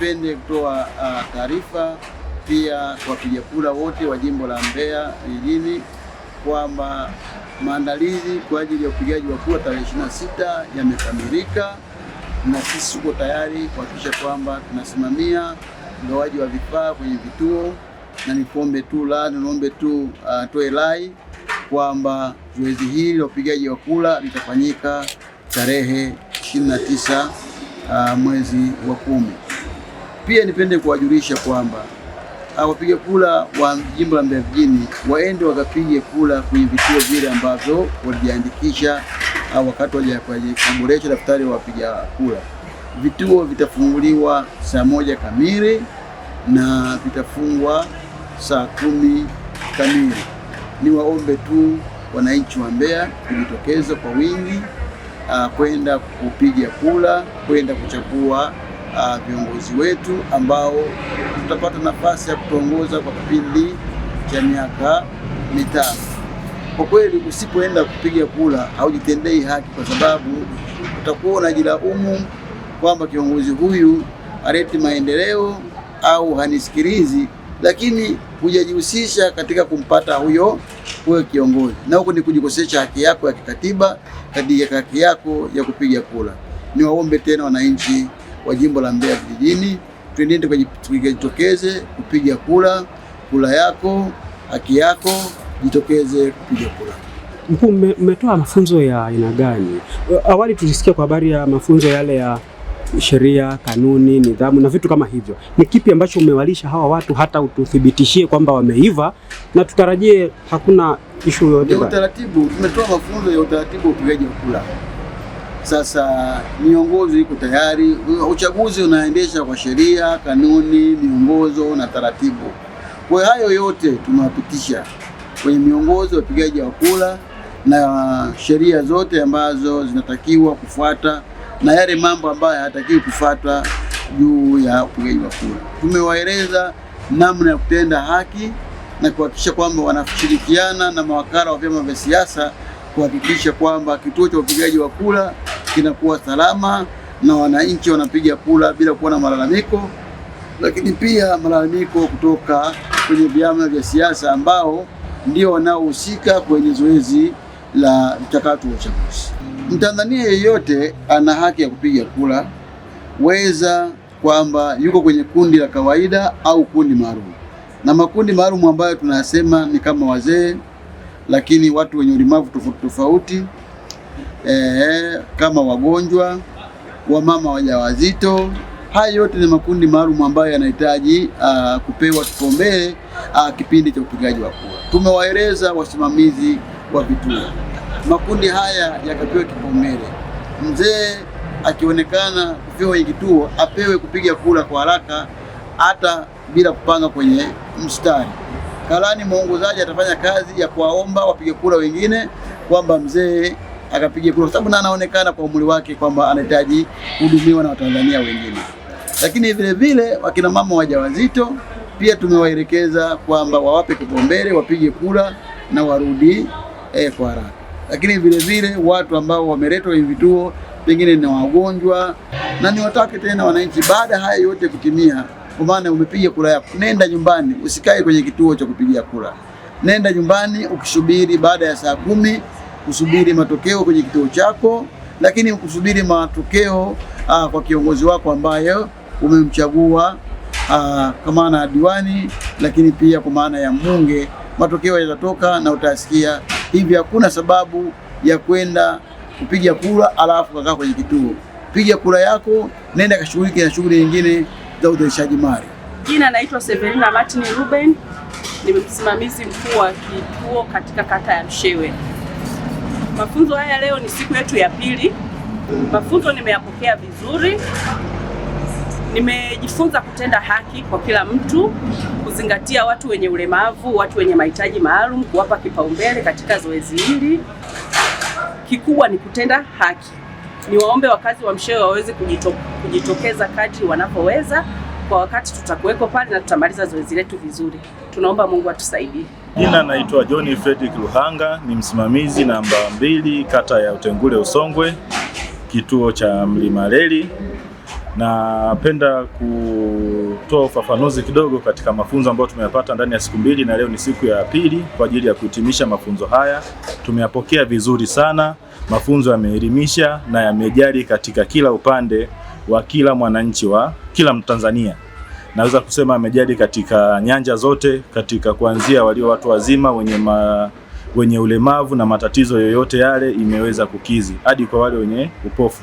nipende kutoa uh, taarifa pia kwa wapiga kura wote wa jimbo la Mbeya mjini kwamba maandalizi kwa ajili ya upigaji wa kura tarehe 26 yamekamilika, na sisi tuko tayari kuhakikisha kwamba tunasimamia ugawaji wa vifaa kwenye vituo, na nikuombe tu la niombe tu atoe ah, uh, rai kwamba zoezi hili la upigaji wa kura litafanyika tarehe 29 uh, ah, mwezi wa kumi. Pia nipende kuwajulisha kwamba ah, wapiga kula wa jimbo la Mbeya vijini waende wakapige kula kwenye vituo vile ambavyo walijiandikisha ah, wakati wajakuboresha daftari wa wapiga kula. Vituo vitafunguliwa saa moja kamili na vitafungwa saa kumi kamili. Ni waombe tu wananchi wa Mbeya kujitokeza kwa wingi ah, kwenda kupiga kula kwenda kuchagua Uh, viongozi uh, wetu ambao tutapata nafasi ya kutongoza kwa kipindi cha miaka mitano. Kwa kweli, usipoenda kupiga kura haujitendei haki, kwa sababu utakuwa unajilaumu kwamba kiongozi huyu aleti maendeleo au hanisikilizi, lakini hujajihusisha katika kumpata huyo huyo kiongozi, na huko ni kujikosesha haki yako ya kikatiba ya haki yako ya kupiga kura. Niwaombe tena wananchi wa jimbo la Mbeya Vijijini. Twendeni tukajitokeze kupiga kura. Kura yako haki yako, jitokeze kupiga kura. Mkuu, mmetoa mafunzo ya aina gani? Awali tulisikia kwa habari ya mafunzo yale ya sheria, kanuni, nidhamu na vitu kama hivyo. Ni kipi ambacho umewalisha hawa watu hata ututhibitishie kwamba wameiva na tutarajie hakuna ishu yoyote? Utaratibu, tumetoa mafunzo ya utaratibu wa upigaji wa kura. Sasa miongozo iko tayari. Uchaguzi unaendesha kwa sheria, kanuni, miongozo na taratibu. Kwa hayo yote tumewapitisha kwenye miongozo ya upigaji wa kura na sheria zote ambazo zinatakiwa kufuata na yale mambo ambayo hayatakiwi kufuata juu ya upigaji wa kura. Tumewaeleza namna ya kutenda haki na kuhakikisha kwamba wanashirikiana na mawakala wa vyama vya siasa kuhakikisha kwamba kituo cha upigaji wa kura kinakuwa salama na wananchi wanapiga kura bila kuwa na malalamiko, lakini pia malalamiko kutoka kwenye vyama vya siasa ambao ndio wanaohusika kwenye zoezi la mchakato wa uchaguzi. Mtanzania yeyote ana haki ya kupiga kura, weza kwamba yuko kwenye kundi la kawaida au kundi maalum, na makundi maalum ambayo tunasema ni kama wazee, lakini watu wenye ulemavu tofauti tofauti eh, kama wagonjwa, wamama wajawazito. Haya yote ni makundi maalum ambayo yanahitaji uh, kupewa kipaumbele uh, kipindi cha upigaji wa kura. Tumewaeleza wasimamizi wa vituo makundi haya yakapewa kipaumbele. Mzee akionekana kufiwa kwenye kituo apewe kupiga kura kwa haraka, hata bila kupanga kwenye mstari. Karani mwongozaji atafanya kazi ya kuwaomba wapiga kura wengine kwamba mzee akapiga kura, sababu na anaonekana kwa umri wake kwamba anahitaji kuhudumiwa na Watanzania wengine. Lakini vile vile wakina mama wajawazito pia tumewaelekeza kwamba wawape kipaumbele, wapige kura na warudi eh, kwa haraka. Lakini vile vile watu ambao wameletwa hivi vituo pengine ni wagonjwa, na niwatake tena wananchi, baada haya yote kutimia, kwa maana umepiga kura yako, nenda nyumbani, usikae kwenye kituo cha kupigia kura, nenda nyumbani ukisubiri baada ya saa kumi kusubiri matokeo kwenye kituo chako, lakini kusubiri matokeo uh, kwa kiongozi wako ambayo umemchagua ah, kwa maana ya diwani, lakini pia kwa maana ya mbunge. Matokeo yatatoka na utasikia hivi. Hakuna sababu ya kwenda kupiga kura alafu kakaa kwenye kituo. Piga kura yako, nenda kashughulike na shughuli nyingine za uzalishaji mali. Jina naitwa Severina Martin Ruben, ni msimamizi mkuu wa kituo katika kata ya Mshewe. Mafunzo haya leo ni siku yetu ya pili. Mafunzo nimeyapokea vizuri, nimejifunza kutenda haki kwa kila mtu, kuzingatia watu wenye ulemavu, watu wenye mahitaji maalum, kuwapa kipaumbele katika zoezi hili. Kikubwa ni kutenda haki. Niwaombe wakazi wa Mshewe waweze kujito, kujitokeza kadri wanapoweza. Kwa wakati tutakuweko pale na tutamaliza zoezi letu vizuri. Tunaomba Mungu atusaidie. Jina naitwa John Fredrick Luhanga, ni msimamizi namba mbili kata ya Utengule Usongwe, kituo cha Mlima Reli. Napenda kutoa ufafanuzi kidogo katika mafunzo ambayo tumeyapata ndani ya siku mbili, na leo ni siku ya pili kwa ajili ya kuhitimisha mafunzo haya. Tumeyapokea vizuri sana, mafunzo yameelimisha na yamejali katika kila upande wa kila mwananchi wa kila Mtanzania naweza kusema amejadi katika nyanja zote, katika kuanzia walio watu wazima wenye ma, wenye ulemavu na matatizo yoyote yale imeweza kukizi hadi kwa wale wenye upofu.